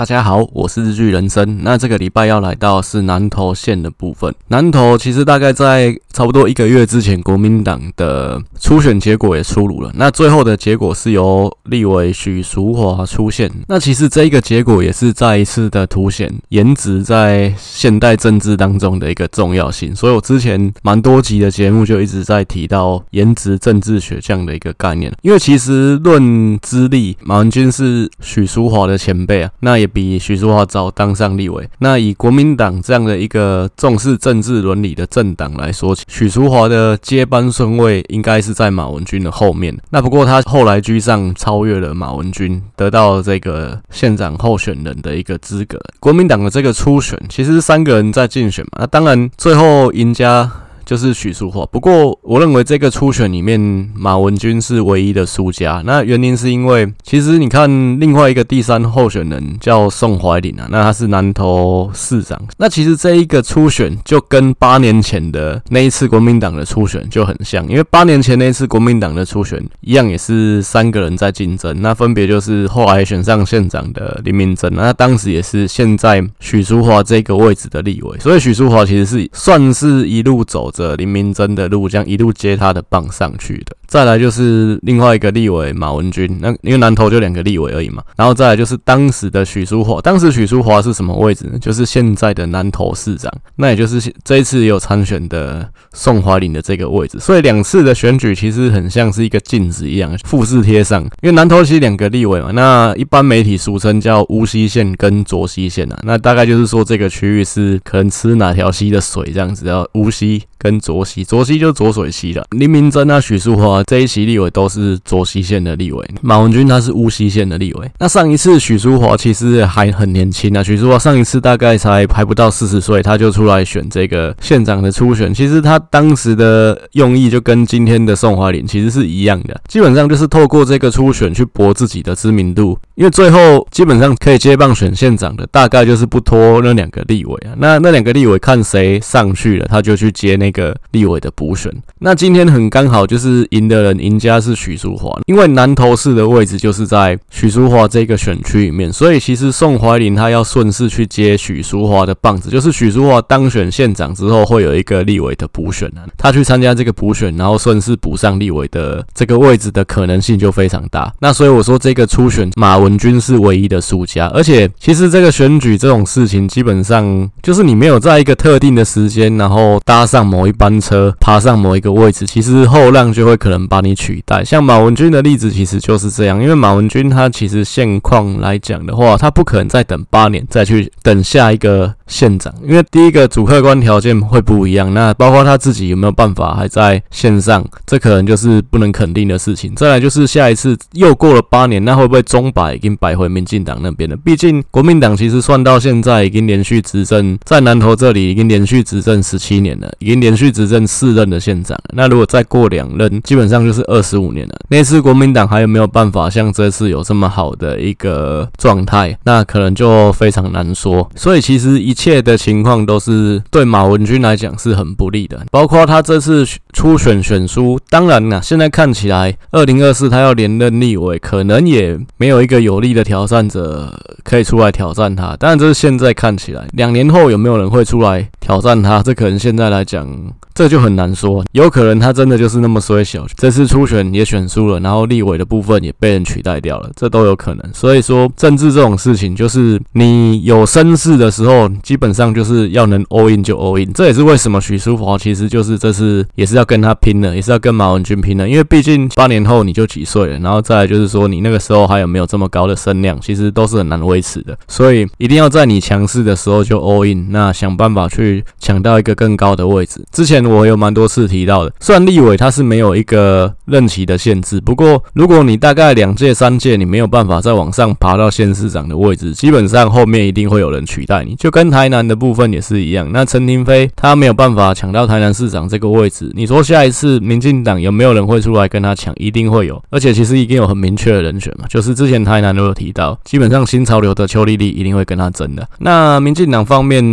大家好，我是日劇人生。那這個禮拜要來到是南投縣的部分。南投其實大概在差不多一個月之前，國民黨的初選結果也出爐了。那最後的結果是由立委許淑華出線，那其實這一個結果也是再一次的凸顯顏值在現代政治當中的一個重要性。所以我之前蠻多集的節目就一直在提到“顏值政治學”這樣的一個概念。因為其實論資歷，馬文君是許淑華的前輩啊，那也。比許淑華早當上立委。那以國民黨這樣的一個重視政治倫理的政黨來說，許淑華的接班順位應該是在馬文君的後面。那不過他後來居上，超越了馬文君，得到這個縣長候選人的一個資格。國民黨的這個初選其實是三個人在競選嘛。那當然最後贏家。就是許淑華，不過我認為這個初選裡面馬文君是唯一的輸家。那原因是因為其實你看另外一個第三候選人叫宋懷琳啊，那他是南投市長。那其實這一個初選就跟八年前的那一次國民黨的初選就很像，因為八年前那一次國民黨的初選一樣也是三個人在競爭，那分別就是後來選上縣長的林明溱，那當時也是現在許淑華這個位置的立委，所以許淑華其實是算是一路走的林明溱的路，將一路接他的棒上去的。再來就是另外一個立委馬文君，那因為南投就兩個立委而已嘛，然後再來就是當時的許淑華，當時許淑華是什麼位置呢？就是現在的南投市長，那也就是這一次也有參選的宋懷琳的這個位置，所以兩次的選舉其實很像是一個鏡子一樣，複制貼上。因為南投其實兩個立委嘛，那一般媒體俗稱叫烏溪線跟濁溪線啊，那大概就是說這個區域是可能吃哪條溪的水這樣子，叫烏溪跟濁溪，濁溪就濁水溪了。林明溱啊，許淑華。這一席立委都是左溪線的立委，馬文君他是烏溪線的立委。那上一次許淑華其實還很年輕啊，許淑華上一次大概才還不到四十歲，他就出來選這個縣長的初選。其實他當時的用意就跟今天的宋華林其實是一樣的，基本上就是透過這個初選去博自己的知名度，因為最後基本上可以接棒選縣長的大概就是不脫那兩個立委啊，那那兩個立委看誰上去了，他就去接那個立委的補選。那今天很剛好就是贏的人贏家是許淑華，因為南投市的位置就是在許淑華這個選區裡面，所以其實宋懷林他要順勢去接許淑華的棒子，就是許淑華當選縣長之後會有一個立委的補選呢，他去參加這個補選，然後順勢補上立委的這個位置的可能性就非常大。那所以我說這個初選馬文君是唯一的輸家，而且其實這個選舉這種事情，基本上就是你沒有在一個特定的時間，然後搭上某一班車，爬上某一個位置，其實後浪就會可能，把你取代，像馬文君的例子其實就是這樣，因為馬文君他其實現況來講的話，他不可能再等八年再去等下一個縣長，因為第一個主客觀條件會不一樣。那包括他自己有沒有辦法還在線上，這可能就是不能肯定的事情。再來就是下一次又過了八年，那會不會鐘擺已經擺回民進黨那邊了？畢竟國民黨其實算到現在已經連續執政，在南投這裡已經連續執政十七年了，已經連續執政四任的縣長。那如果再過兩任，基本上就是二十五年了。那次國民黨還有沒有辦法像這次有這麼好的一個狀態？那可能就非常難說。所以其實一切的情況都是對馬文君來講是很不利的，包括他這次初選選輸。當然了、啊，現在看起來，二零二四他要連任立委，可能也沒有一個有力的挑戰者可以出來挑戰他。當然，這是現在看起來，兩年後有沒有人會出來挑戰他，這可能現在來講這就很難說。有可能他真的就是那麼衰小。這次初選也選輸了，然後立委的部分也被人取代掉了，這都有可能。所以說政治這種事情，就是你有聲勢的時候，基本上就是要能 all in 就 all in。這也是為什麼許淑華其實就是這次也是要跟他拼了，也是要跟馬文君拼了，因為畢竟八年後你就幾歲了，然後再來就是說你那個時候還有沒有這麼高的聲量，其實都是很難維持的。所以一定要在你強勢的時候就 all in，那想辦法去搶到一個更高的位置。之前我有蠻多次提到的，雖然立委他是沒有一個。呃，任期的限制，不過如果你大概兩屆三屆，你沒有辦法再往上爬到縣市長的位置，基本上後面一定會有人取代你，就跟台南的部分也是一樣。那陳亭妃他沒有辦法搶到台南市長這個位置，你說下一次民進黨有沒有人會出來跟他搶？一定會有，而且其實已經有很明確的人選嘛，就是之前台南都有提到，基本上新潮流的邱莉莉一定會跟他爭的。那民進黨方面，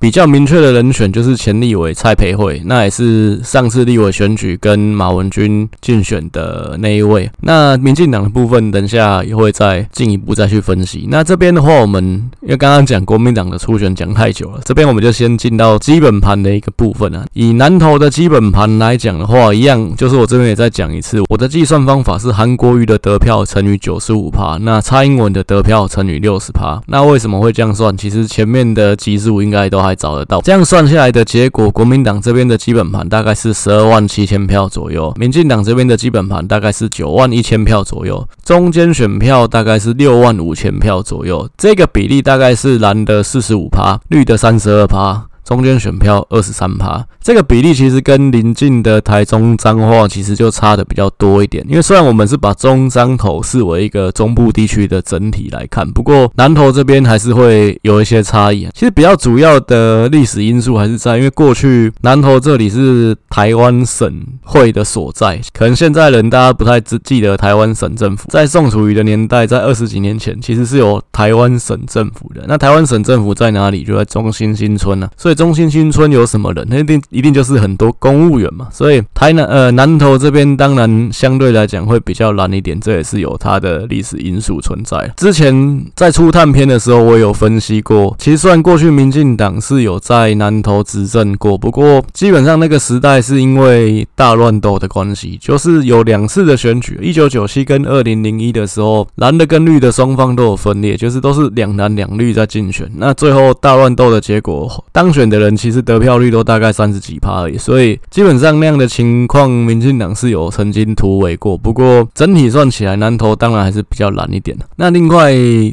比較明確的人選就是前立委蔡培慧，那也是上次立委選舉跟馬文君競選的那一位。那民進黨的部分，等一下也會再進一步再去分析。那這邊的話，我們因為剛剛講國民黨的初選講太久了，這邊我們就先進到基本盤的一個部分啊。以南投的基本盤來講的話，一樣就是我這邊也再講一次，我的計算方法是韓國瑜的得票乘以九十五趴，那蔡英文的得票乘以六十趴。那為什麼會這樣算？其實前面的集數應該都還。還找得到，這樣算下來的結果，國民黨這邊的基本盤大概是十二萬七千票左右，民進黨這邊的基本盤大概是九萬一千票左右，中間選票大概是六萬五千票左右，這個比例大概是藍的四十五趴，綠的三十二趴。中間選票二十三趴，這個比例其實跟臨近的台中彰化其實就差的比較多一點。因為雖然我們是把中彰投視為一個中部地區的整體來看，不過南投這邊還是會有一些差異。其實比較主要的歷史因素還是在，因為過去南投這裡是台灣省會的所在，可能現在人大家不太記記得台灣省政府在宋楚瑜的年代，在二十幾年前其實是有台灣省政府的。那台灣省政府在哪裡？就在中興新村呢、啊，所以。中興新村有什麼人？那一定一定就是很多公務員嘛。所以台南呃南投這邊當然相對來講會比較藍一點，這也是有它的歷史因素存在。之前在初探篇的時候，我有分析過。其實雖然過去民進黨是有在南投執政過，不過基本上那個時代是因為大亂鬥的關係，就是有兩次的選舉，一九九七跟二零零一的時候，藍的跟綠的雙方都有分裂，就是都是兩藍兩綠在競選。那最後大亂鬥的結果當選的人其實得票率都大概三十幾趴而已，所以基本上那樣的情況，民進黨是有曾經突圍過。不過整體算起來，南投當然還是比較難一點的。那另外，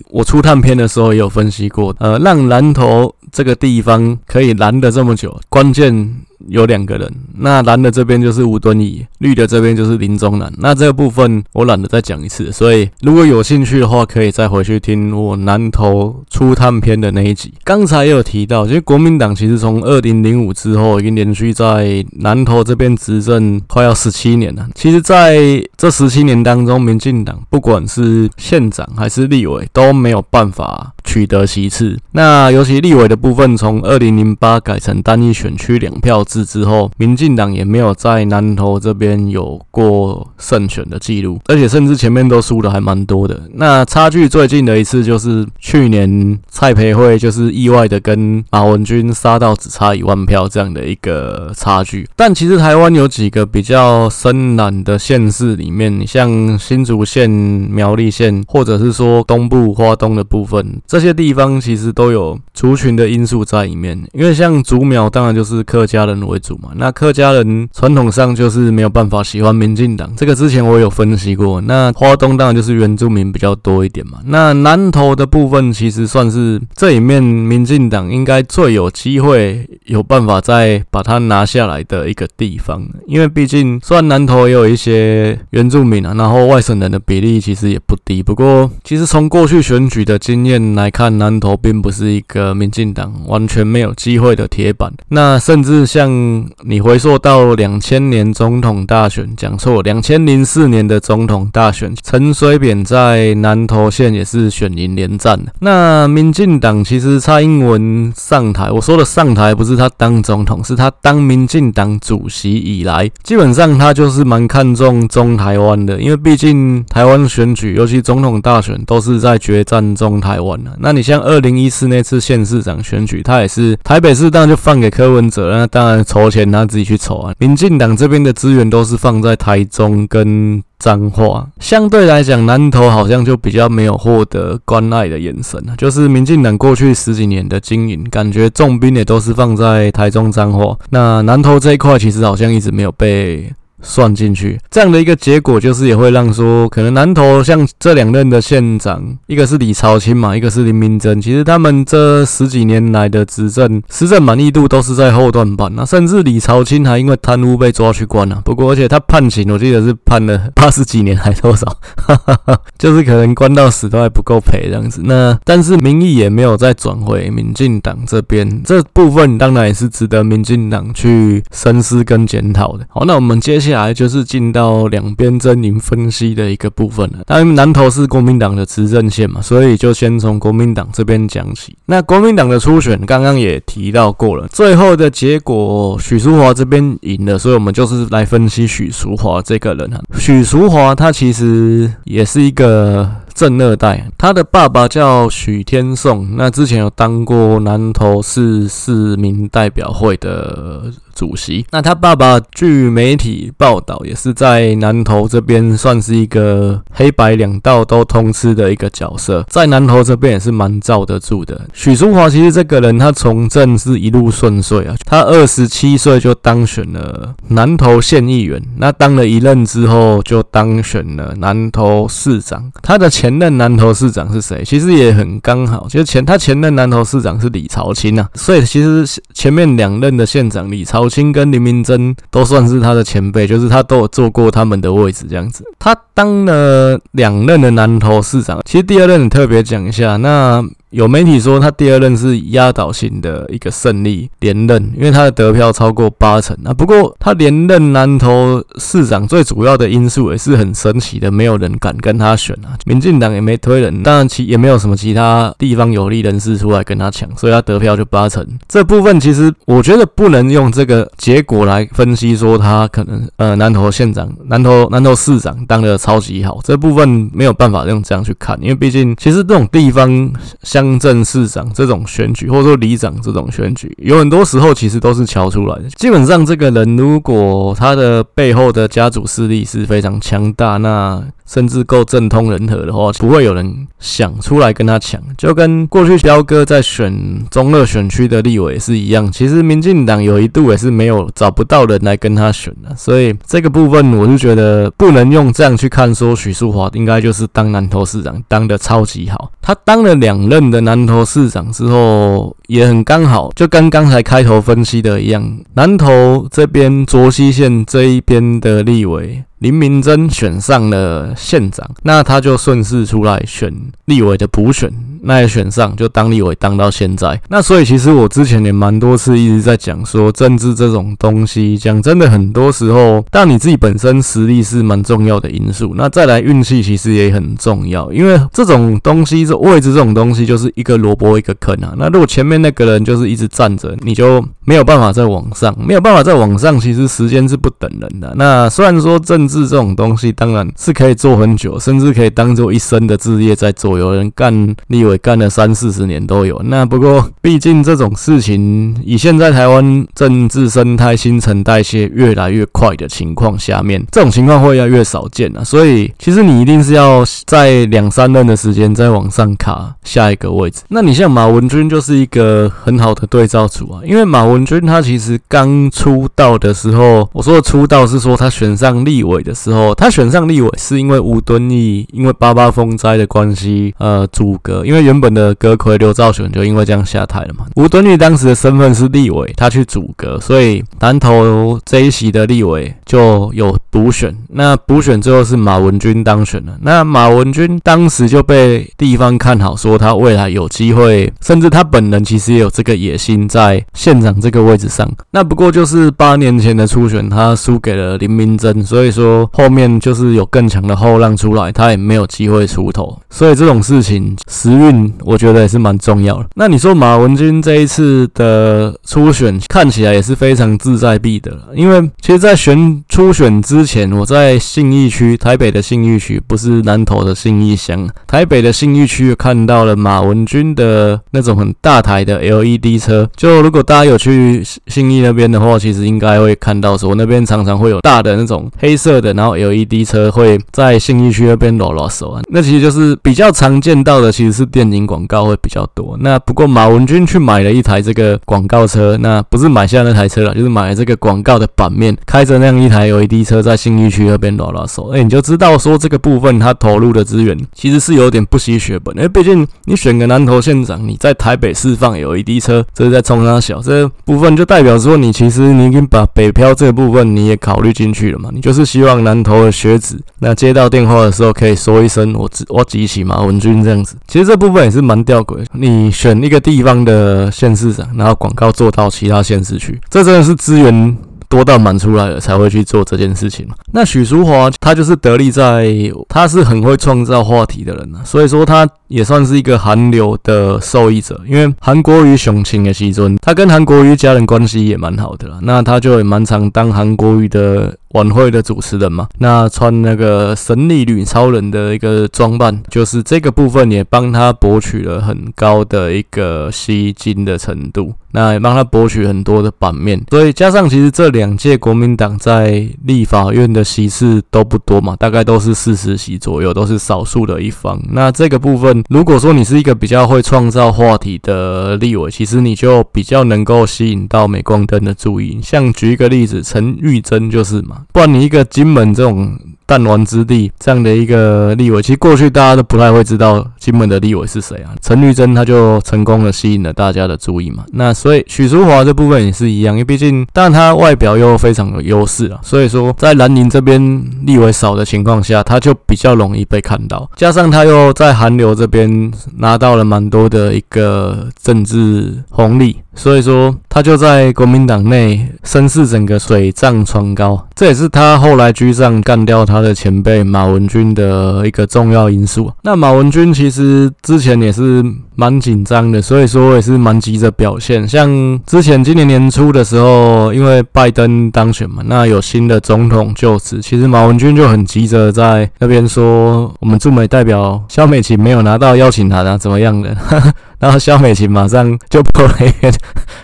我出探片的時候也有分析過，呃，讓南投這個地方可以藍得這麼久，關鍵。有兩個人，那藍的這邊就是吳敦義，綠的這邊就是林宗男。那這個部分我懶得再講一次，所以如果有興趣的話，可以再回去聽我南投初探篇的那一集。剛才也有提到，其實國民黨其實從2005之後，已經連續在南投這邊執政快要17年了。其實在這17年當中，民進黨不管是縣長還是立委都沒有辦法取得席次。那尤其立委的部分，從2008改成單一選區兩票，之後，民進黨也沒有在南投這邊有過勝選的記錄，而且甚至前面都輸的還蠻多的。那差距最近的一次就是去年蔡培慧就是意外的跟馬文君殺到只差一萬票這樣的一個差距。但其實台灣有幾個比較深藍的縣市裡面，像新竹縣、苗栗縣，或者是說東部花東的部分，這些地方其實都有族群的因素在裡面。因為像竹苗當然就是客家的。為主嘛，那客家人傳統上就是沒有辦法喜歡民進黨，這個之前我有分析過。那花東當然就是原住民比較多一點嘛，那南投的部分其實算是這裡面民進黨應該最有機會有辦法再把它拿下來的一個地方，因為畢竟雖然南投也有一些原住民啊，然後外省人的比例其實也不低，不過其實從過去選舉的經驗來看，南投並不是一個民進黨完全沒有機會的鐵板，那甚至像，嗯，像你回溯到兩千年總統大選，講錯，兩千零四年的總統大選，陳水扁在南投縣也是選贏連戰。那民進黨其實蔡英文上台，我說的上台不是他當總統，是他當民進黨主席以來，基本上他就是蠻看重中台灣的，因為畢竟台灣選舉，尤其總統大選都是在決戰中台灣的啊。那你像二零一四那次縣市長選舉，他也是台北市當然就放給柯文哲，那當然。籌錢他自己去籌啊！民進黨這邊的資源都是放在台中跟彰化，相對來講南投好像就比較沒有獲得關愛的眼神，就是民進黨過去十幾年的經營，感覺重兵也都是放在台中彰化，那南投這一塊其實好像一直沒有被。算進去，這樣的一個結果就是也會讓說，可能南投像這兩任的縣長，一個是李朝卿嘛，一個是林明溱。其實他們這十幾年來的執政施政滿意度都是在後段班，啊甚至李朝卿還因為貪污被抓去關了、啊。不過而且他判刑，我記得是判了八十幾年還多少， 就是可能關到死都還不夠賠這樣子。那但是民意也沒有再轉回民進黨這邊，這部分當然也是值得民進黨去深思跟檢討的。好，那我們接下來就是進到兩邊陣營分析的一個部分了。當然，南投是國民黨的執政縣嘛，所以就先從國民黨這邊講起。那國民黨的初選剛剛也提到過了，最後的結果許淑華這邊贏了，所以我們就是來分析許淑華這個人哈。許淑華他其實也是一個政二代，他的爸爸叫許天頌，那之前有當過南投市市民代表會的。主席，那他爸爸據媒體報道，也是在南投這邊算是一個黑白兩道都通吃的一個角色，在南投這邊也是蠻罩得住的。許淑華其實這個人，他從政是一路順遂啊，他二十七歲就當選了南投縣議員，那當了一任之後，就當選了南投市長。他的前任南投市長是誰？其實也很剛好，其實前他前任南投市長是李朝卿啊，所以其實前面兩任的縣長李朝。劉清跟林明溱，都算是他的前輩，就是他都有做過他們的位置這樣子。他當了兩任的南投市長，其實第二任你特別講一下那。有媒體說，他第二任是壓倒性的一個勝利連任，因為他的得票超過八成啊。不過，他連任南投市長最主要的因素也是很神奇的，沒有人敢跟他選啊。民進黨也沒推人，當然其也沒有什麼其他地方有力人士出來跟他搶，所以他得票就八成。這部分其實我覺得不能用這個結果來分析，說他可能呃南投縣長、南投南投市長當得超級好。這部分沒有辦法用這樣去看，因為畢竟其實這種地方相，鄉鎮市長這種選舉，或者說里長這種選舉，有很多時候其實都是瞧出來的。基本上，這個人如果他的背後的家族勢力是非常強大，那甚至夠政通人和的話，不會有人想出來跟他搶。就跟過去彪哥在選中二選區的立委是一樣，其實民進黨有一度也是沒有找不到人來跟他選的。所以這個部分，我是覺得不能用這樣去看，說許淑華應該就是當南投市長當得超級好。他當了兩任的南投市長之後，也很剛好，就跟剛才開頭分析的一樣，南投這邊卓溪縣這一邊的立委。林明珍選上了縣長，那他就順勢出來選立委的補選，那也選上，就當立委當到現在。那所以其實我之前也蠻多次一直在講說，政治這種東西，講真的，很多時候，但你自己本身實力是蠻重要的因素。那再來運氣其實也很重要，因為這種東西，這位置這種東西就是一個蘿蔔一個坑啊。那如果前面那個人就是一直站着，你就沒有辦法再往上，沒有辦法再往上。其實時間是不等人的。那雖然說政政治這種東西當然是可以做很久，甚至可以當做一生的事業在做。有人幹立委幹了三四十年都有。那不過，畢竟這種事情，以現在台灣政治生態新陳代謝越來越快的情況下面，這種情況會越來越少見啊。所以，其實你一定是要在兩三任的時間再往上卡下一個位置。那你像馬文君就是一個很好的對照組啊，因為馬文君他其實剛出道的時候，我說的出道是說他選上立委。的時候，他選上立委是因為吳敦義，因為八八風災的關係，呃，組閣，因為原本的閣揆劉兆玄就因為這樣下台了嘛。吳敦義當時的身份是立委，他去組閣，所以南投這一席的立委。就有補選，那補選之後是馬文君當選了。那馬文君當時就被地方看好，說他未來有機會，甚至他本人其實也有這個野心，在縣長這個位置上。那不過就是八年前的初選，他輸給了林明溱。所以說後面就是有更強的後浪出來，他也沒有機會出頭。所以這種事情時運，我覺得也是蠻重要的。那你說馬文君這一次的初選看起來也是非常志在必得，因為其實在選。初選之前，我在信義區，台北的信義區，不是南投的信義鄉。台北的信義區看到了馬文君的那種很大台的 LED 車。就如果大家有去信義那邊的話，其實應該會看到，說那邊常常會有大的那種黑色的，然後 LED 車會在信義區那邊拉拉手啊。那其實就是比較常見到的，其實是電影廣告會比較多。那不過馬文君去買了一台這個廣告車，那不是買下那台車了，就是買了這個廣告的版面，開着那樣。一台有 LED 車在信義區那邊拉拉手，哎，你就知道說這個部分它投入的資源其實是有點不惜血本，因為畢竟你選個南投縣長，你在台北釋放有 LED 車，這是在衝他小這部分，就代表說你其實你已經把北漂這個部分你也考慮進去了嘛，你就是希望南投的學子，那接到電話的時候可以說一聲我只我舉起馬文君這樣子，其實這部分也是蠻吊詭，你選一個地方的縣市長，然後廣告做到其他縣市去，這真的是資源。多到滿出來了才會去做這件事情嘛。那許淑華她就是得力在，她是很會創造話題的人啊，所以說她。也算是一個韓流的受益者，因為韓國瑜雄情的西尊，他跟韓國瑜家人關係也蠻好的啦，那他就也蠻常當韓國瑜的晚會的主持人嘛，那穿那個神力女超人的一個裝扮，就是這個部分也幫他博取了很高的一個吸睛的程度，那也幫他博取很多的版面，所以加上其實這兩屆國民黨在立法院的席次都不多嘛，大概都是四十席左右，都是少數的一方，那這個部分。如果說你是一個比較會創造話題的立委，其實你就比較能夠吸引到鎂光燈的注意。像舉一個例子，陳玉珍就是嘛，不然你一個金門這種。彈丸之地這樣的一個立委，其實過去大家都不太會知道金門的立委是誰啊。陳玉珍他就成功的吸引了大家的注意嘛。那所以許淑華這部分也是一樣，因為畢竟但他外表又非常有優勢啊，所以說在藍營這邊立委少的情況下，他就比較容易被看到。加上他又在韓流這邊拿到了蠻多的一個政治紅利，所以說他就在國民黨內聲勢整個水漲船高。這也是他後來居上幹掉他他的前輩馬文君的一個重要因素。那馬文君其實之前也是。蠻緊張的，所以說我也是蠻急着表現。像之前今年年初的時候，因為拜登當選嘛，那有新的總統就職，其實馬文君就很急着在那邊說，我們駐美代表蕭美琴沒有拿到邀請函，啊，怎麼樣的， 然後蕭美琴馬上就破了臉，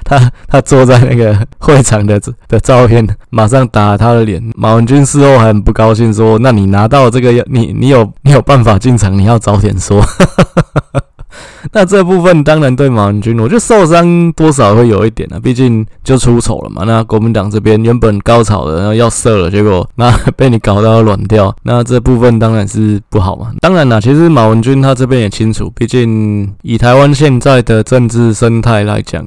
他他坐在那個會場的的照片，馬上打他的臉。馬文君事後還很不高興說：“那你拿到這個，你你有你有辦法進場，你要早點說。 ” 那這部分當然對馬文君，我覺得受傷多少會有一點啊，畢竟就出醜了嘛。那國民黨這邊原本高潮的，然後要射了，結果那被你搞到軟掉，那這部分當然是不好嘛。當然啦、啊，其實馬文君他這邊也清楚，畢竟以台灣現在的政治生態來講，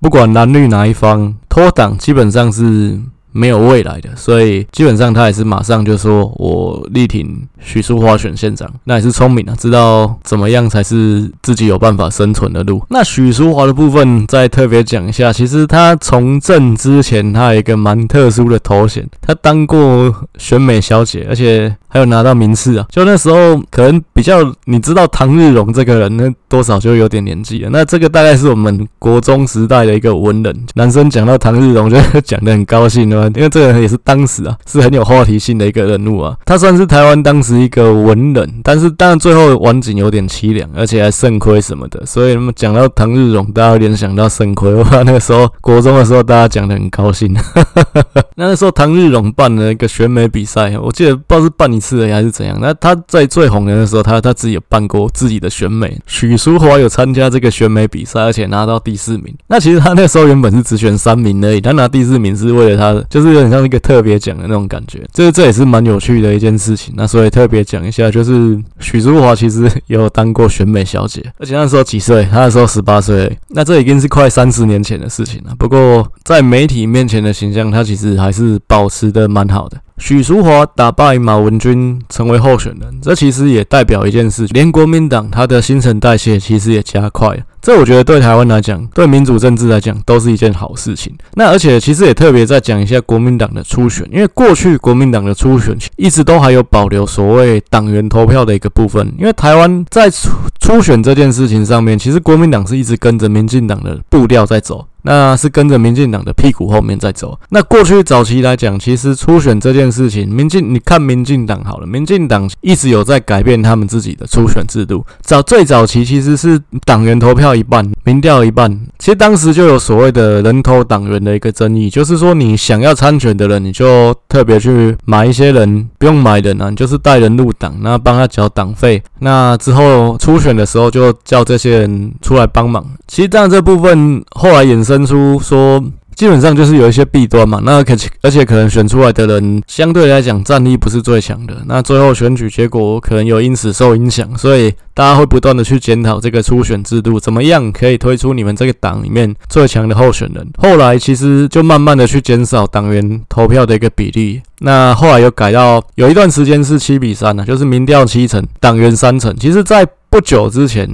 不管藍綠哪一方，脫黨基本上是。沒有未來的，所以基本上他也是馬上就說我力挺許淑華選縣長，那也是聰明啊，知道怎麼樣才是自己有辦法生存的路。那許淑華的部分再特別講一下，其實他從政之前他有一個蠻特殊的頭銜，他當過選美小姐，而且還有拿到名次啊。就那時候可能比較，你知道唐日榮這個人呢，多少就有點年紀了。那這個大概是我們國中時代的一個文人，男生講到唐日榮就講得很高興哦。因為這個人也是當時啊，是很有話題性的一個人物啊。他雖然是台灣當時一個文人，但是當然最後的晚景有點淒涼，而且還腎虧什麼的。所以那麼講到唐日榮，大家聯想到腎虧，我怕那個時候國中的時候大家講得很高興。 那那時候唐日榮辦了一個選美比賽，我記得不知道是辦一次而已還是怎樣。那他在最紅的時候，他他自己有辦過自己的選美。許淑華有參加這個選美比賽，而且拿到第四名。那其實他那個時候原本是只選三名而已，他拿第四名是為了他的。就是有點像一個特別獎的那種感覺，這、就是、這也是蠻有趣的一件事情、啊。那所以特別講一下，就是許淑華其實也有當過選美小姐，而且那時候幾歲？她那時候十八歲，那這已經是快三十年前的事情了、啊。不過在媒體面前的形象，她其實還是保持得蠻好的。許淑華打敗馬文君成為候選人，這其實也代表一件事情，連國民黨它的新陳代謝其實也加快了。這我覺得對台灣來講，對民主政治來講，都是一件好事情。那而且其實也特別再講一下國民黨的初選，因為過去國民黨的初選一直都還有保留所謂黨員投票的一個部分。因為台灣在初初選這件事情上面，其實國民黨是一直跟着民進黨的步調在走。那是跟着民進黨的屁股後面在走。那過去早期來講，其實初選這件事情，民進你看民進黨好了，民進黨一直有在改變他們自己的初選制度。早最早期其實是黨員投票一半，民調一半。其實當時就有所謂的人頭黨員的一個爭議，就是說你想要參選的人，你就特別去買一些人不用買人啊你就是帶人入黨，那幫他繳黨費，那之後初選的時候就叫這些人出來幫忙。其實這樣這部分後來衍生。分出說，基本上就是有一些弊端嘛。那可而且可能選出來的人相對來講戰力不是最強的，那最後選舉結果可能有因此受影響。所以大家會不斷的去檢討這個初選制度，怎麼樣可以推出你們這個黨裡面最強的候選人。後來其實就慢慢的去減少黨員投票的一個比例。那後來又改到有一段時間是七比三呢，就是民調七成，黨員三成。其實，在不久之前，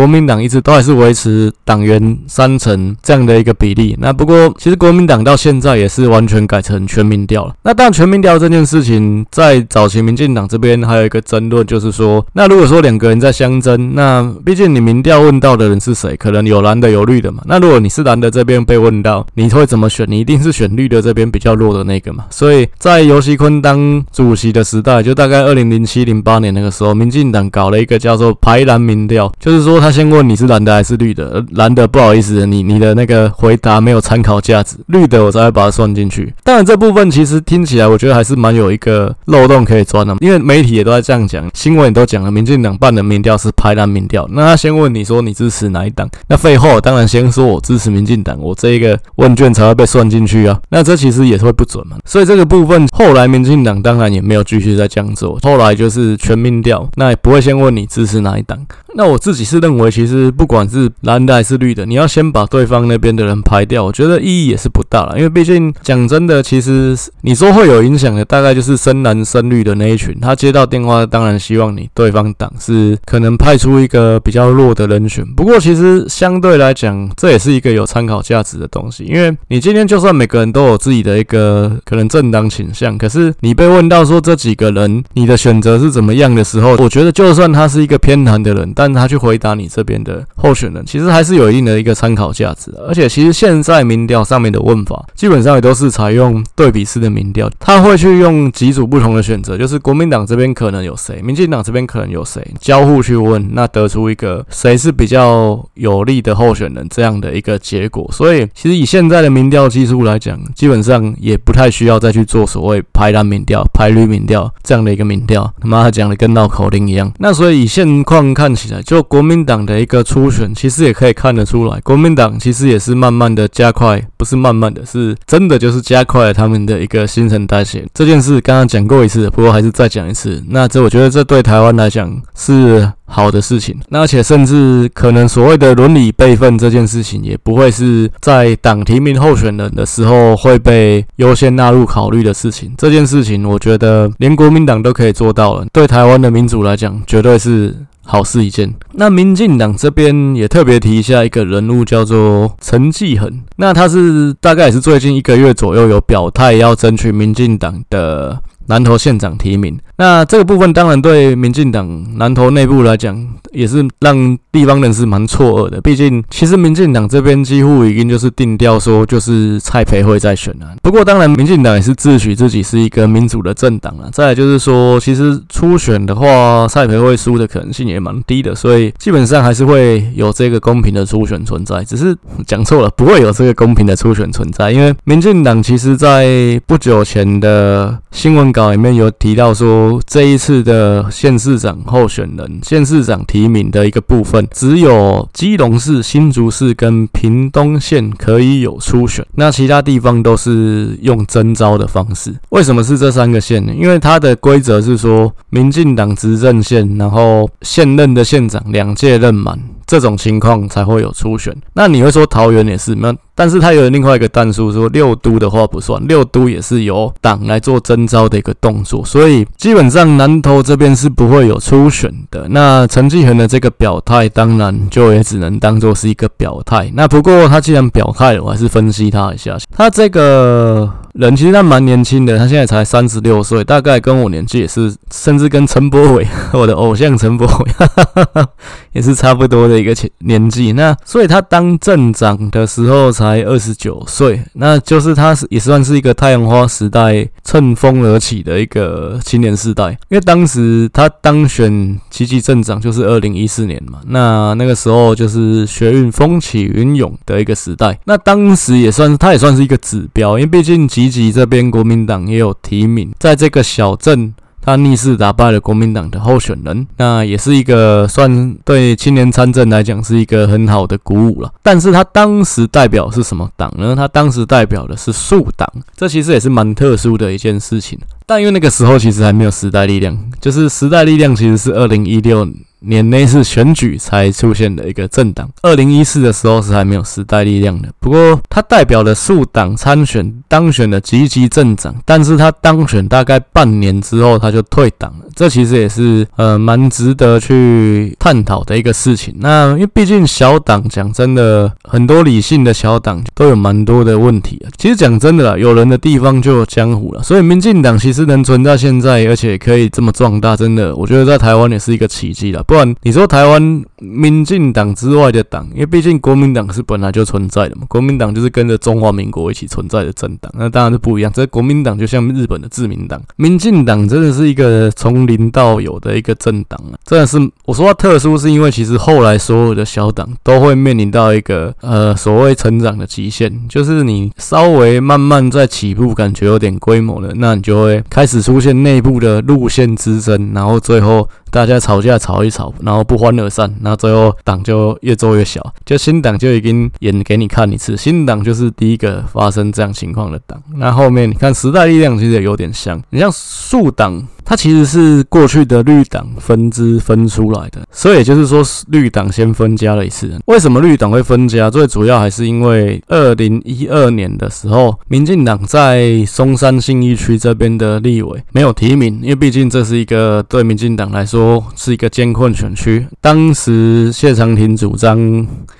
國民黨一直都還是維持黨員三成這樣的一個比例。那不過，其實國民黨到現在也是完全改成全民調了。那當然全民調這件事情，在早期民進黨這邊還有一個爭論，就是說，那如果說兩個人在相爭，那畢竟你民調問到的人是誰，可能有藍的有綠的嘛。那如果你是藍的這邊被問到，你會怎麼選？你一定是選綠的這邊比較弱的那個嘛。所以在游錫堃當主席的時代，就大概二零零七零八年那個時候，民進黨搞了一個叫做排藍民調，就是說他。那先問你是藍的還是綠的？藍的、呃、不好意思，你你的那個回答，沒有參考價值。綠的我才會把它算進去。當然這部分其實聽起來我覺得還是蠻有一個漏洞可以鑽的、啊，因為媒體也都在這樣講，新聞也都講了，民進黨辦的民調是排藍民調。那他先問你說，你支持哪一黨？那廢話，當然先說我支持民進黨，我這一個問卷才會被算進去啊。那這其實也是會不準嘛。所以這個部分後來民進黨當然也沒有繼續在這樣做。後來就是全民調，那也不會先問你支持哪一黨。那我自己是認。認為其實不管是藍的還是綠的，你要先把對方那邊的人排掉，我覺得意義也是不大了。因為畢竟講真的，其實你說會有影響的，大概就是深藍深綠的那一群。他接到電話，當然希望你對方黨是可能派出一個比較弱的人選。不過其實相對來講，這也是一個有參考價值的東西。因為你今天就算每個人都有自己的一個可能政黨傾向，可是你被問到說，這幾個人你的選擇是怎麼樣的時候，我覺得就算他是一個偏藍的人，但他去回答你。你這邊的候選人其實還是有一定的一個參考價值的，而且其實現在民調上面的問法基本上也都是採用對比式的民調，他會去用幾組不同的選擇，就是國民黨這邊可能有誰，民進黨這邊可能有誰，交互去問，那得出一個誰是比較有利的候選人這樣的一個結果。所以其實以現在的民調技術來講，基本上也不太需要再去做所謂排藍民調、排綠民調這樣的一個民調，他媽他講的跟繞口令一樣。那所以以現況看起來，就國民。黨的一個初選，其實也可以看得出來，國民黨其實也是慢慢的加快，不是慢慢的是，是真的就是加快了他們的一個新陳代謝。這件事剛剛講過一次，不過還是再講一次。那這我覺得這對台灣來講是好的事情，那而且甚至可能所謂的倫理輩分這件事情，也不會是在黨提名候選人的時候會被優先納入考慮的事情。這件事情我覺得連國民黨都可以做到了，對台灣的民主來講絕對是。好事一件。那民進黨這邊也特別提一下一個人物，叫做陳季恆。那他是大概也是最近一個月左右有表態，要爭取民進黨的。南投縣長提名，那這個部分當然對民進黨南投內部來講，也是讓地方人士蠻錯愕的。畢竟，其實民進黨這邊幾乎已經就是定調說，就是蔡培慧在選了，啊。不過，當然民進黨也是自詡自己是一個民主的政黨啦，啊，再來就是說，其實初選的話，蔡培慧輸的可能性也蠻低的，所以基本上還是會有這個公平的初選存在。只是講錯了，不會有這個公平的初選存在，因為民進黨其實在不久前的新聞稿，裡面有提到說，這一次的縣市長候選人、縣市長提名的一個部分，只有基隆市、新竹市跟屏東縣可以有初選，那其他地方都是用徵召的方式。為什麼是這三個縣呢？因為它的規則是說，民進黨執政縣，然後現任的縣長兩屆任滿。這種情況才會有初選。那你會說桃園也是沒有，但是他有另外一個論述，說六都的話不算，六都也是由黨來做徵召的一個動作，所以基本上南投這邊是不會有初選的。那陳繼恆的這個表態，當然就也只能當做是一個表態。那不過他既然表態了，我還是分析他一下，他這個。人其實他蠻年輕的，他現在才三十六歲，大概跟我年紀也是，甚至跟陳柏惟， 我的偶像陳柏惟 也是差不多的一個年紀。那所以他當鎮長的時候才二十九歲，那就是他也是也算是一個太陽花時代乘風而起的一個青年世代。因為當時他當選集集鎮長就是二零一四年嘛，那那個時候就是學運風起雲湧的一個時代。那當時也算是，他也算是一個指標，因為畢竟以及這邊國民黨也有提名，在這個小鎮，他逆勢打敗了國民黨的候選人，那也是一個算對青年參政來講是一個很好的鼓舞了。但是他當時代表的是什麼黨呢？他當時代表的是樹黨，這其實也是蠻特殊的一件事情。但因為那個時候其實還沒有時代力量，就是時代力量其實是二零一六年那次選舉才出現的一個政黨。二零一四的時候是還沒有時代力量的，不過他代表了樹黨參選當選了集集鎮長，但是他當選大概半年之後他就退黨了。這其實也是呃蠻值得去探討的一個事情。那因為畢竟小黨講真的，很多理性的小黨都有蠻多的問題啊。其實講真的啦，有人的地方就有江湖了，所以民進黨其實。是能存在現在，而且可以這麼壯大，真的，我覺得在台灣也是一個奇蹟了。不然，你說台灣民進黨之外的黨，因為畢竟國民黨是本來就存在的嘛，國民黨就是跟着中華民國一起存在的政黨，那當然是不一樣。這國民黨就像日本的自民黨，民進黨真的是一個從零到有的一個政黨啊，真的是我說它特殊，是因為其實後來所有的小黨都會面臨到一個呃、所謂成長的極限，就是你稍微慢慢在起步，感覺有點規模了，那你就會開始出現內部的路線之爭，然後最後。大家吵架吵一吵，然後不歡而散，那最後黨就越做越小。就新黨就已經演給你看一次。新黨就是第一個發生這樣情況的黨。那後面你看時代力量其實也有點像，你像樹黨。它其實是過去的綠黨分支分出來的，所以就是說，綠黨先分家了一次。為什麼綠黨會分家？最主要還是因為二零一二年的時候，民進黨在松山信義區這邊的立委沒有提名，因為畢竟這是一個對民進黨來說是一個艱困選區。當時謝長廷主張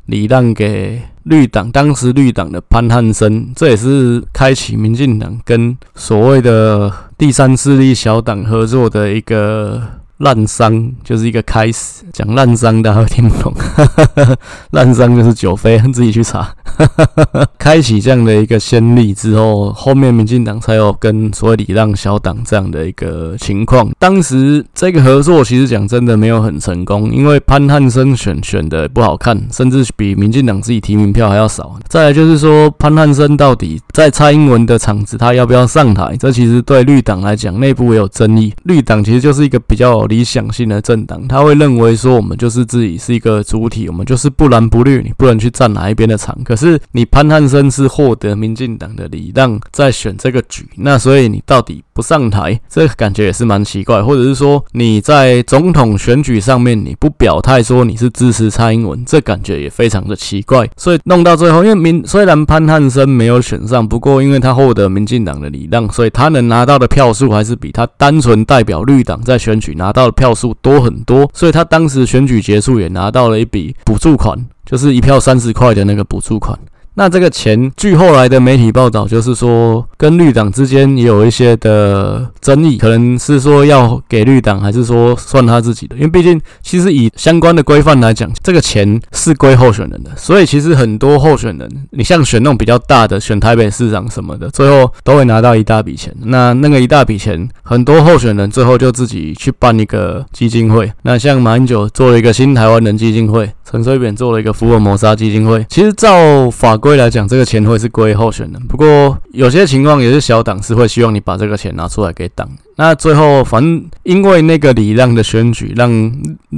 禮讓給綠黨，當時綠黨的潘翰聲，這也是開啟民進黨跟所謂的。第三勢力小黨合作的一個。濫觴就是一個開始，講濫觴大家聽不懂，哈哈哈，濫觴就是九非，自己去查。哈哈哈，開啟這樣的一個先例之後，後面民進黨才有跟所謂禮讓小黨這樣的一個情況。當時這個合作其實講真的沒有很成功，因為潘翰聲選選的不好看，甚至比民進黨自己提名票還要少。再來就是說，潘翰聲到底在蔡英文的場子他要不要上台，這其實對綠黨來講內部也有爭議。綠黨其實就是一個比較。理想性的政黨，他會認為說，我們就是自己是一個主體，我們就是不藍不綠，你不能去站哪一邊的場。可是你潘漢生是獲得民進黨的禮讓，在選這個局，那所以你到底上台這感覺也是蠻奇怪，或者是說你在總統選舉上面你不表態說你是支持蔡英文，這感覺也非常的奇怪。所以弄到最後，因為民雖然潘翰聲沒有選上，不過因為他獲得民進黨的禮讓，所以他能拿到的票數還是比他單純代表綠黨在選舉拿到的票數多很多。所以他當時選舉結束也拿到了一筆補助款，就是一票三十塊的那個補助款。那這個錢，據後來的媒體報道，就是說跟綠黨之間也有一些的爭議，可能是說要給綠黨，還是說算他自己的？因為畢竟，其實以相關的規範來講，這個錢是歸候選人的。所以其實很多候選人，你像選那種比較大的，選台北市長什麼的，最後都會拿到一大筆錢。那那個一大筆錢，很多候選人最後就自己去辦一個基金會。那像馬英九做了一個新台灣人基金會。陳水扁做了一個福爾摩沙基金會，其實照法規來講，這個錢會是歸候選的。不過有些情況也是小黨是會希望你把這個錢拿出來給黨。那最後，反正因為那個禮讓的選舉，讓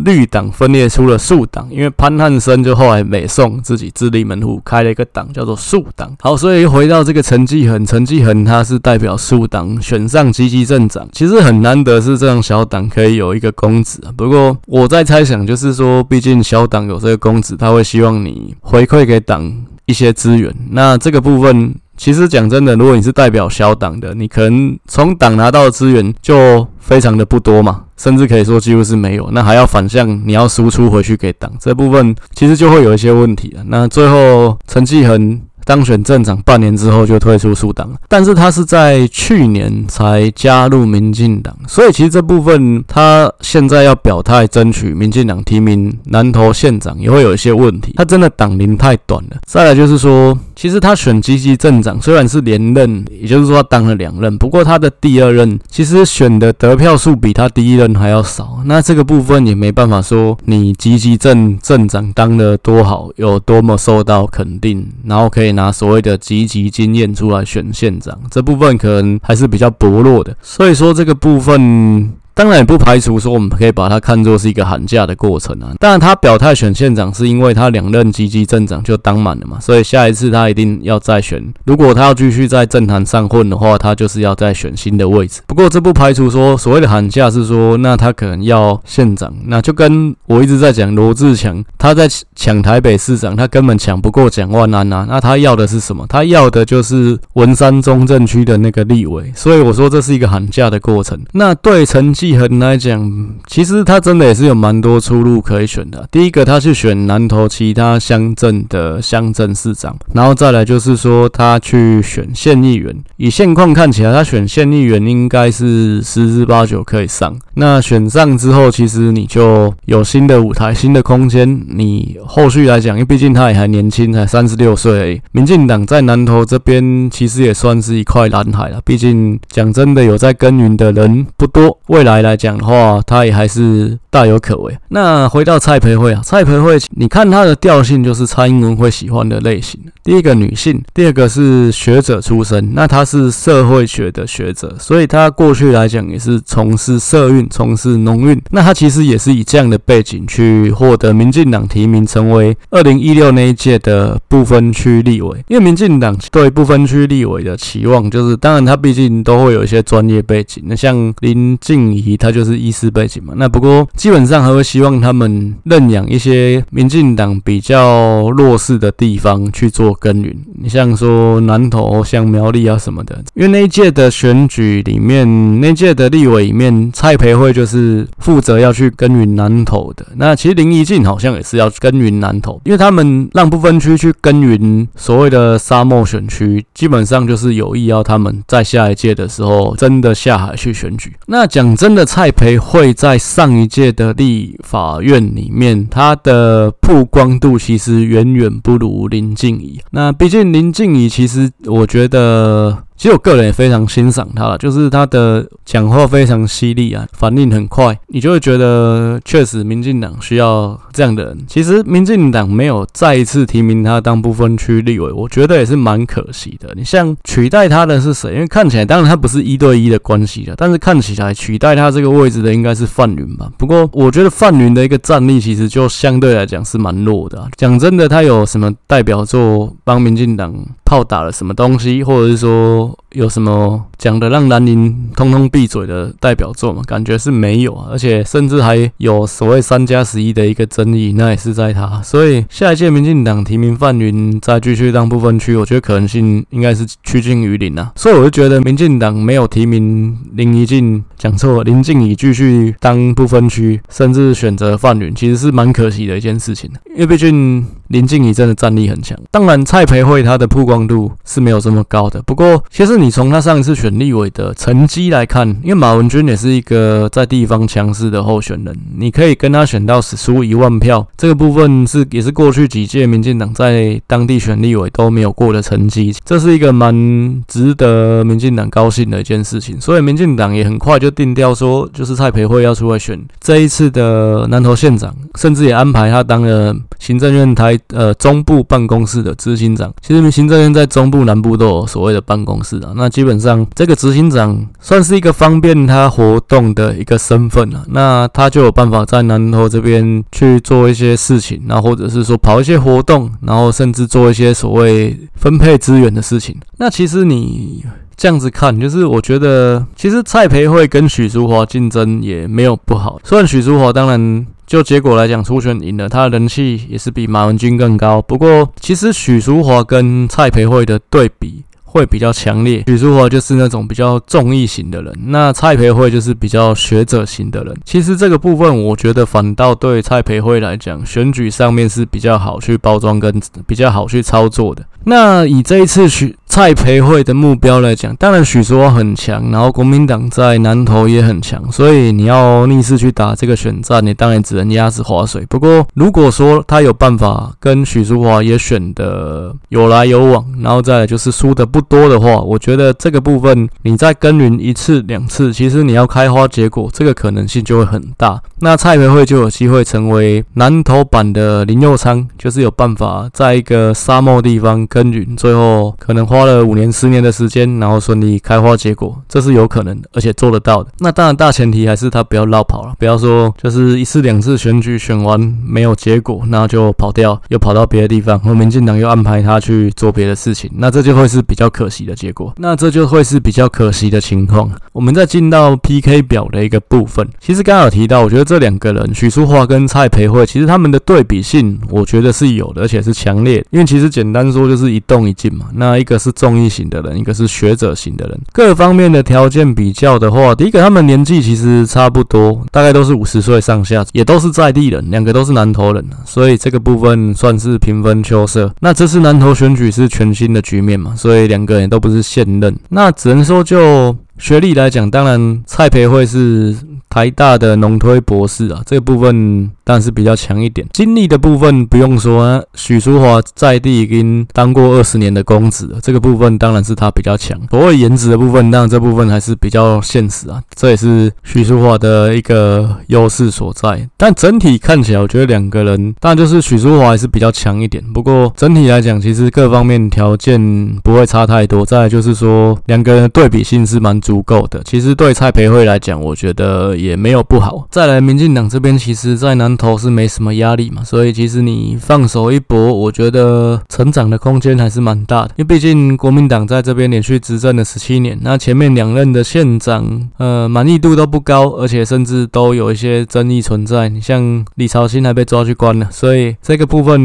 綠黨分裂出了樹黨。因為潘翰聲就後來沒送，自己自立門戶，開了一個黨，叫做樹黨。好，所以回到這個陳紀衡，陳紀衡他是代表樹黨選上集集鎮長，其實很難得是這樣小黨可以有一個公職。不過我在猜想，就是說，畢竟小黨有這個公職，他會希望你回饋給黨一些資源。那這個部分。其實講真的，如果你是代表小黨的，你可能從黨拿到的資源就非常的不多嘛，甚至可以說幾乎是沒有。那還要反向你要輸出回去給黨，這部分，其實就會有一些問題了。那最後成績很。當選鎮長半年之後就退出樹黨了，但是他是在去年才加入民進黨，所以其實這部分他現在要表態爭取民進黨提名南投縣長，也會有一些問題。他真的黨齡太短了。再來就是說，其實他選集集鎮長雖然是連任，也就是說他當了兩任，不過他的第二任其實選的得票數比他第一任還要少。那這個部分也沒辦法說你集集鎮鎮長當的多好，有多麼受到肯定，然後可以，拿所謂的積極經驗出來選縣長，這部分可能還是比較薄弱的，所以說這個部分。當然也不排除說，我們可以把他看作是一個喊價的過程啊。當然，他表態選縣長，是因為他兩任集集鎮長就當滿了嘛，所以下一次他一定要再選。如果他要繼續在政壇上混的話，他就是要再選新的位置。不過這不排除說，所謂的喊價是說，那他可能要縣長，那就跟我一直在講羅智強，他在搶台北市長，他根本搶不過蔣萬安啊。那他要的是什麼？他要的就是文山中正區的那個立委。所以我說這是一個喊價的過程。那對陳。細衡來講，其實他真的也是有蠻多出路可以選的。第一個，他去選南投其他鄉鎮的鄉鎮市長；然後再來就是說，他去選縣議員。以現況看起來，他選縣議員應該是十之八九可以上。那選上之後，其實你就有新的舞台、新的空間。你後續來講，因為畢竟他也還年輕，才三十六歲。民進黨在南投這邊其實也算是一塊藍海了。畢竟講真的，有在耕耘的人不多，未來。來來講的話，他也還是大有可為。那回到蔡培慧啊，蔡培慧，你看他的調性就是蔡英文會喜歡的類型。第一個女性，第二個是學者出身，那他是社會學的學者，所以他過去來講也是從事社運、從事農運。那他其實也是以這樣的背景去獲得民進黨提名，成為二零一六那一屆的不分區立委。因為民進黨對不分區立委的期望，就是當然他畢竟都會有一些專業背景，那像林靜怡。他就是醫師背景嘛，那不過基本上還會希望他們認養一些民進黨比較弱勢的地方去做耕耘，你像說南投、像苗栗啊什麼的。因為那一屆的選舉裡面，那一屆的立委裡面，蔡培慧就是負責要去耕耘南投的。那其實林怡靜好像也是要耕耘南投，因為他們讓不分區去耕耘所謂的沙漠選區，基本上就是有意要他們在下一屆的時候真的下海去選舉。那講真。真的蔡培慧在上一屆的立法院裡面，他的曝光度其實遠遠不如林靜儀。那畢竟林靜儀，其實我覺得。其實我個人也非常欣賞他了，就是他的講話非常犀利啊，反應很快，你就會覺得確實民進黨需要這樣的人。其實民進黨沒有再一次提名他當不分區立委，我覺得也是蠻可惜的。你像取代他的是誰？因為看起來當然他不是一對一的關係了，但是看起來取代他這個位置的應該是范雲吧？不過我覺得范雲的一個戰力其實就相對來講是蠻弱的啊。講真的，他有什麼代表作幫民進黨？炮打了什麼東西，或者是說？有什麼講的讓藍營通通閉嘴的代表作嘛？感覺是沒有啊，而且甚至還有所謂三加十一的一個爭議，那也是在他。所以下一屆民進黨提名范雲再繼續當不分區，我覺得可能性應該是趨近於零啊。所以我就覺得民進黨沒有提名林怡靜，講錯，林靜儀繼續當不分區，甚至選擇范雲，其實是蠻可惜的一件事情啊。因為畢竟林靜儀真的戰力很強，當然蔡培慧她的曝光度是沒有這麼高的。不過其實。你從他上一次選立委的成績來看，因為馬文君也是一個在地方強勢的候選人，你可以跟他選到只輸一萬票，這個部分是也是過去幾屆民進黨在當地選立委都沒有過的成績，這是一個蠻值得民進黨高興的一件事情。所以民進黨也很快就定調說，就是蔡培慧要出來選這一次的南投縣長，甚至也安排他當了行政院台呃中部辦公室的執行長。其實民行政院在中部南部都有所謂的辦公室啊。那基本上，這個執行長算是一個方便他活動的一個身份了。那他就有辦法在南投這邊去做一些事情，然後或者是說跑一些活動，然後甚至做一些所謂分配資源的事情。那其實你這樣子看，就是我覺得，其實蔡培慧跟許淑華競爭也沒有不好。雖然許淑華當然就結果來講，初選贏了，他的人氣也是比馬文君更高。不過，其實許淑華跟蔡培慧的對比。會比較強烈，許淑華就是那種比較重義型的人，那蔡培慧，就是比較學者型的人。其實這個部分，我覺得反倒對蔡培慧來講，選舉上面是比較好去包裝跟比較好去操作的。那以這一次許蔡培慧的目標來講，當然許淑華很強，然後國民黨在南投也很強，所以你要逆勢去打這個選戰，你當然只能鴨子划水。不過如果說他有辦法跟許淑華也選的有來有往，然後再來就是輸的不多的話，我覺得這個部分你再耕耘一次兩次，其實你要開花結果，這個可能性就會很大。那蔡培慧就有機會成為南投版的林佑昌，就是有辦法在一個沙漠地方耕耘，最後可能花了五年十年的時間，然後順利開花結果，這是有可能的，而且做得到的。那當然大前提還是他不要落跑了，不要說就是一次兩次選舉選完沒有結果，然後就跑掉，又跑到別的地方，和民進黨又安排他去做別的事情，那這就會是比較。可惜的結果，那這就會是比較可惜的情況。我們再進到 PK 表的一個部分，其實剛剛有提到，我覺得這兩個人許淑華跟蔡培慧，其實他們的對比性，我覺得是有的，而且是強烈的。因為其實簡單說就是一動一靜嘛，那一個是綜藝型的人，一個是學者型的人，各方面的條件比較的話，第一個他們年紀其實差不多，大概都是五十歲上下，也都是在地人，兩個都是南投人，所以這個部分算是平分秋色。那這次南投選舉是全新的局面嘛，所以兩。個人都不是現任，那只能說就學歷來講，當然蔡培慧是台大的農推博士啊，這個，部分。但是比較強一點，經歷的部分不用說啊，許淑華在地已經當過二十年的公職了，這個部分當然是他比較強。不過顏值的部分，當然這部分還是比較現實啊，這也是許淑華的一個優勢所在。但整體看起來，我覺得兩個人，當然就是許淑華還是比較強一點。不過整體來講，其實各方面條件不會差太多。再來就是說，兩個人的對比性是蠻足夠的。其實對蔡培慧來講，我覺得也沒有不好。再來民進黨這邊，其實在南。頭是沒什麼壓力嘛，所以其實你放手一搏，我覺得成長的空間還是蠻大的。因為畢竟國民黨在這邊連續執政了十七年，那前面兩任的縣長，呃，滿意度都不高，而且甚至都有一些爭議存在。你像李朝卿還被抓去關了，所以這個部分，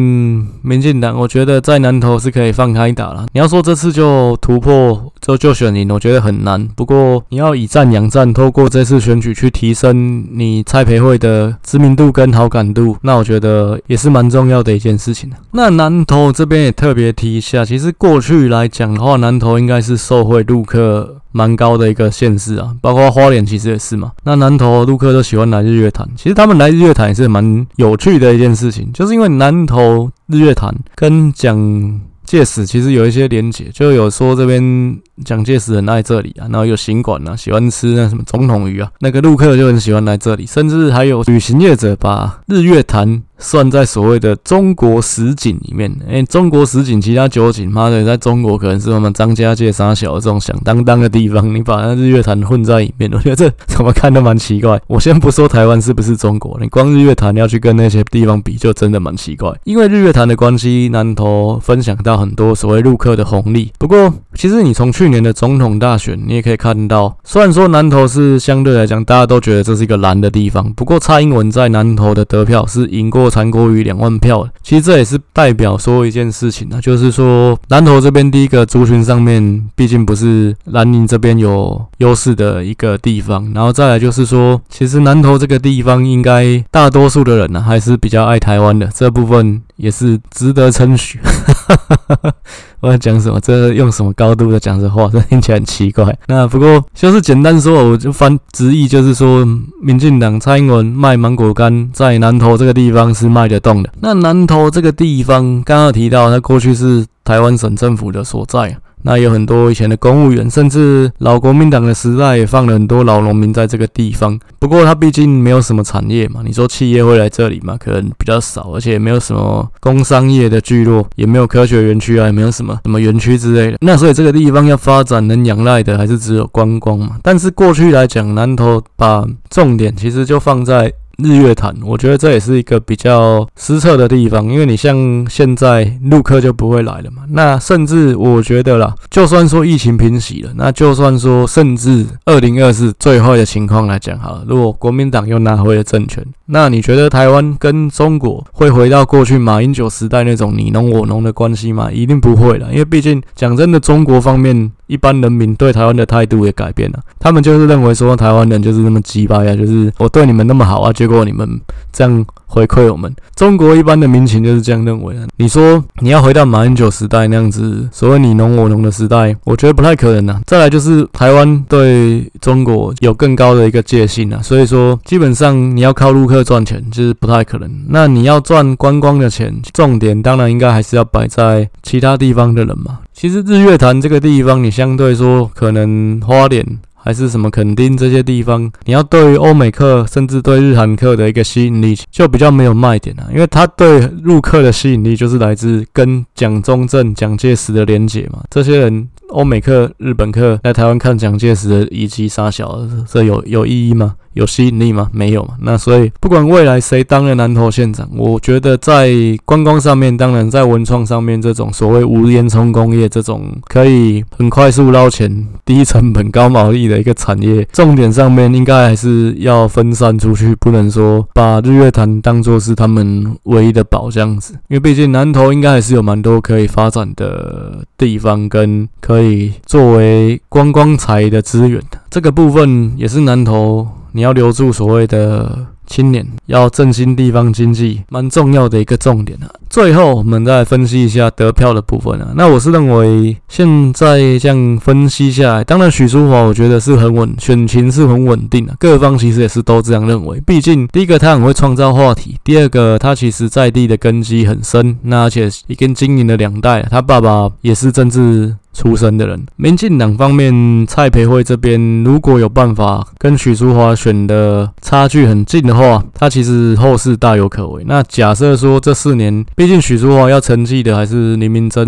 民進黨我覺得在南投是可以放開打了。你要說這次就突破就就選贏，我覺得很難。不過你要以戰養戰，透過這次選舉去提升你蔡培慧的知名度跟好感度，那我覺得也是蠻重要的一件事情啊。那南投這邊也特別提一下，其實過去來講的話，南投應該是受惠陸客蠻高的一個縣市啊，包括花蓮其實也是嘛。那南投陸客都喜歡來日月潭，其實他們來日月潭也是蠻有趣的一件事情，就是因為南投日月潭跟講。介石其實有一些連結，就有說這邊蔣介石很愛這裡啊，然後有行館啊，喜歡吃那什麼總統魚啊，那個陸客就很喜歡來這裡，甚至還有旅行業者把日月潭。算在所謂的中國十景裡面，哎、欸，中國十景其他九景，媽的，在中國可能是我們張家界、三小的這種響噹噹的地方，你把日月潭混在裡面，我覺得這怎麼看都蠻奇怪。我先不說台灣是不是中國，你光日月潭要去跟那些地方比，就真的蠻奇怪。因為日月潭的關係，南投分享到很多所謂陸客的紅利。不過，其實你從去年的總統大選，你也可以看到，雖然說南投是相對來講大家都覺得這是一個藍的地方，不過蔡英文在南投的得票是贏過。殘過於兩萬票了，其實這也是代表說一件事情啊，就是說南投這邊第一個族群上面，畢竟不是藍營這邊有優勢的一個地方，然後再來就是說，其實南投這個地方應該大多數的人呢、啊、還是比較愛台灣的，這部分也是值得稱許。 哈哈哈哈我要講什麼？這用什麼高度的講這話？這聽起來很奇怪。那不過就是簡單說，我就翻直譯，就是說，民進黨蔡英文賣芒果乾在南投這個地方是賣得動的。那南投這個地方，剛剛提到，它過去是台灣省政府的所在。那有很多以前的公務員，甚至老國民黨的時代也放了很多老農民在這個地方。不過它畢竟沒有什麼產業嘛，你說企業會來這裡嘛，可能比較少，而且也沒有什麼工商業的聚落，也沒有科學園區啊，也沒有什麼什麼園區之類的。那所以這個地方要發展能仰賴的，還是只有觀光嘛。但是過去來講，南投把重點其實就放在。日月潭，我覺得這也是一個比較失策的地方，因為你像現在陸客就不會來了嘛。那甚至我覺得啦，就算說疫情平息了，那就算說，甚至二零二四最壞的情況來講，哈，如果國民黨又拿回了政權，那你覺得台灣跟中國會回到過去馬英九時代那種你儂我儂的關係嗎？一定不會了，因為畢竟講真的，中國方面一般人民對台灣的態度也改變了，他們就是認為說台灣人就是那麼機掰呀，就是我對你們那麼好啊，就，果你們這樣回饋我們，中國一般的民情就是這樣認為的。你說你要回到馬英九時代那樣子，所謂你儂我儂的時代，我覺得不太可能啊。再來就是台灣對中國有更高的一個戒心啊，所以說基本上你要靠陸客賺錢就是不太可能。那你要賺觀光的錢，重點當然應該還是要擺在其他地方的人嘛。其實日月潭這個地方，你相對說可能花點。還是什麼？墾丁這些地方，你要對於歐美客，甚至對日韓客的一個吸引力，就比較沒有賣點了、啊。因為他對陸客的吸引力，就是來自跟蔣中正、蔣介石的連結嘛，這些人。歐美客、日本客來台灣看蔣介石的遺跡殺小，這有有意義嗎？有吸引力嗎？沒有嘛。那所以不管未來誰當了南投縣長，我覺得在觀光上面，當然在文創上面，這種所謂無煙囪工業這種可以很快速撈錢、低成本高毛利的一個產業，重點上面應該還是要分散出去，不能說把日月潭當作是他們唯一的寶箱子。因為畢竟南投應該還是有蠻多可以發展的地方跟可。所以，作為觀光財的資源這個部分，也是南投你要留住所謂的青年，要振興地方經濟，蠻重要的一個重點啊。最後，我們再分析一下得票的部分啊。那我是認為，現在這樣分析下來，當然許淑華，我覺得是很穩，選情是很穩定的啊。各方其實也是都這樣認為。畢竟，第一個他很會創造話題，第二個他其實在地的根基很深。那而且已經經營了兩代了，他爸爸也是政治出身的人。民進黨方面，蔡培慧這邊如果有辦法跟許淑華選的差距很近的話，他其實後勢大有可為。那假設說這四年。畢竟，許淑華要承繼的，還是林明溱。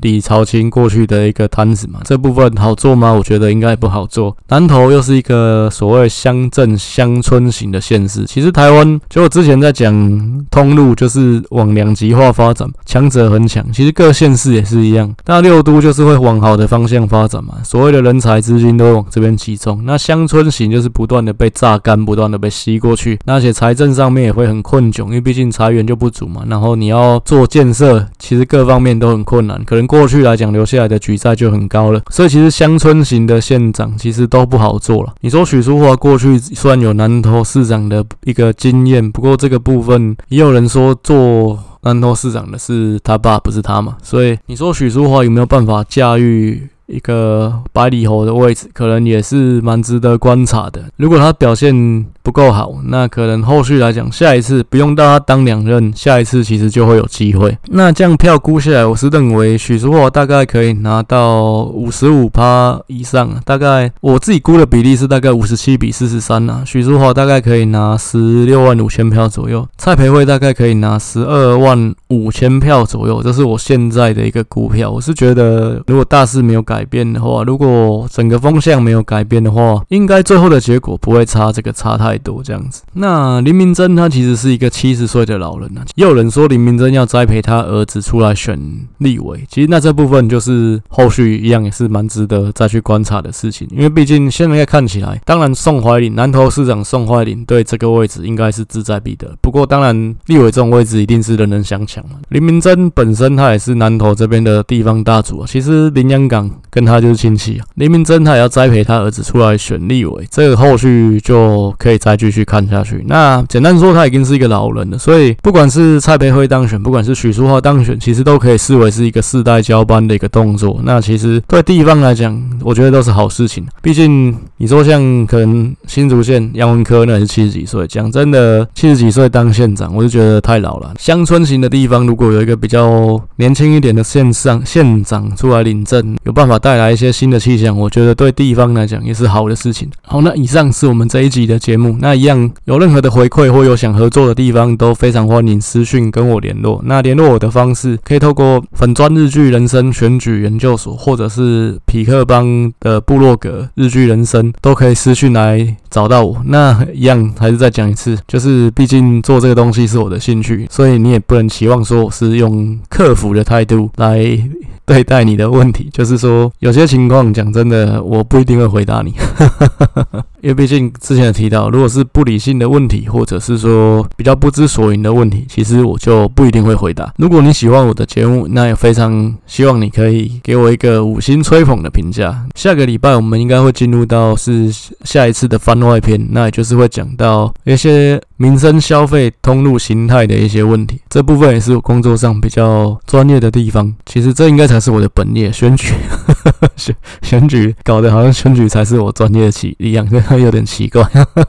李朝卿過去的一個攤子嘛，這部分好做嗎？我覺得應該不好做。南投又是一個所謂鄉鎮鄉村型的縣市，其實台灣就我之前在講通路，就是往兩極化發展，強者很強。其實各縣市也是一樣，那六都就是會往好的方向發展嘛。所謂的人才、資金都往這邊集中，那鄉村型就是不斷的被榨乾，不斷的被吸過去，那些財政上面也會很困窘，因為畢竟財源就不足嘛。然後你要做建設，其實各方面都很困難。可能過去來講留下來的舉債就很高了，所以其實鄉村型的縣長其實都不好做了。你說許淑華過去雖然有南投市長的一個經驗，不過這個部分也有人說做南投市長的是他爸不是他嘛，所以你說許淑華有沒有辦法駕馭？一個百里侯的位置，可能也是蠻值得觀察的。如果他表現不夠好，那可能後續來講，下一次不用到他當兩任，下一次其實就會有機會。那這樣票估下來，我是認為許淑華大概可以拿到五十五趴以上，大概我自己估的比例是大概五十七比四十三啊，許淑華大概可以拿十六萬五千票左右，蔡培慧大概可以拿十二萬五千票左右，這是我現在的一個估票。我是覺得如果大勢沒有改。改變的話，如果整個風向沒有改變的話，應該最後的結果不會差這個差太多這樣子。那林明溱他其實是一個七十歲的老人啊，也有人說林明溱要栽培他兒子出來選立委，其實，那這部分就是後續一樣也是蠻值得再去觀察的事情，因為畢竟現在看起來，當然宋懷林南投市長宋懷林對這個位置應該是志在必得，不過當然立委這種位置一定是人人想搶嘛。林明溱本身他也是南投這邊的地方大族啊，其實林洋港。跟他就是親戚啊，林明溱他也要栽培他兒子出來選立委，這個後續就可以再繼續看下去。那簡單說，他已經是一個老人了，所以不管是蔡培慧當選，不管是許淑華當選，其實都可以視為是一個世代交班的一個動作。那其實對地方來講，我覺得都是好事情啊。畢竟你說像可能新竹縣楊文科那也是七十幾歲，講真的，七十幾歲當縣長，我就覺得太老了。鄉村型的地方，如果有一個比較年輕一點的縣上縣長出來領政，有辦法當。帶來一些新的氣象，我覺得對地方來講也是好的事情。好，那以上是我們這一集的節目。那一樣有任何的回饋或有想合作的地方，都非常歡迎私訊跟我聯絡。那聯絡我的方式，可以透過粉專日劇人生選舉研究所，或者是痞客邦的部落格日劇人生，都可以私訊來找到我。那一樣還是再講一次，就是畢竟做這個東西是我的興趣，所以你也不能期望說我是用客服的態度來。對待你的問題，就是說，有些情況講真的，我不一定會回答你。 因為畢竟之前也提到，如果是不理性的問題，或者是說比較不知所云的問題，其實我就不一定會回答。如果你喜歡我的節目，那也非常希望你可以給我一個五星吹捧的評價。下個禮拜我們應該會進入到是下一次的番外篇，那也就是會講到一些民生消費通路形態的一些問題。這部分也是我工作上比較專業的地方。其實這應該才是我的本業宣傳。選 選、選舉搞得好像選舉才是我專業的奇一樣，這有點奇怪。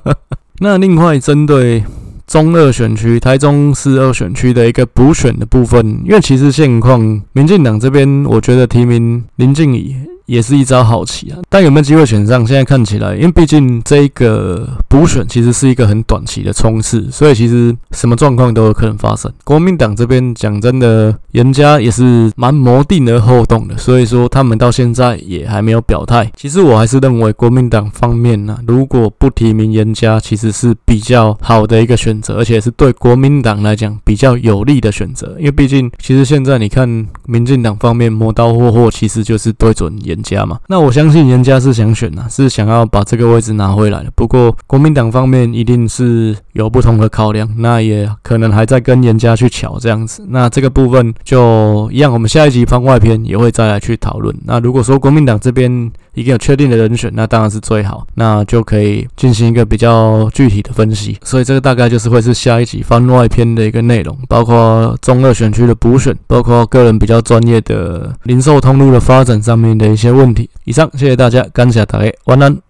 那另外針對中二選區，台中四二選區的一個補選的部分，因為其實現況，民進黨這邊我覺得提名林靜儀也是一招好棋啊，但有沒有機會選上？現在看起來，因為畢竟這一個補選其實是一個很短期的衝刺，所以其實什麼狀況都有可能發生。國民黨這邊講真的，顏家也是蠻謀定而後動的，所以說他們到現在也還沒有表態。其實我還是認為國民黨方面呢、啊，如果不提名顏家，其實是比較好的一個選擇，而且是對國民黨來講比較有利的選擇，因為畢竟其實現在你看民進黨方面磨刀霍霍，其實就是對準顏。人家嘛，那我相信人家是想選啊，是想要把這個位置拿回來的。不過國民黨方面一定是有不同的考量，那也可能還在跟人家去喬這樣子。那這個部分就一樣，我們下一集番外篇也會再來去討論。那如果說國民黨這邊，已經有確定的人選，那當然是最好，那就可以進行一個比較具體的分析。所以這個大概就是會是下一集番外篇的一個內容，包括中二選區的補選，包括個人比較專業的零售通路的發展上面的一些問題。以上，謝謝大家，感謝大家，晚安。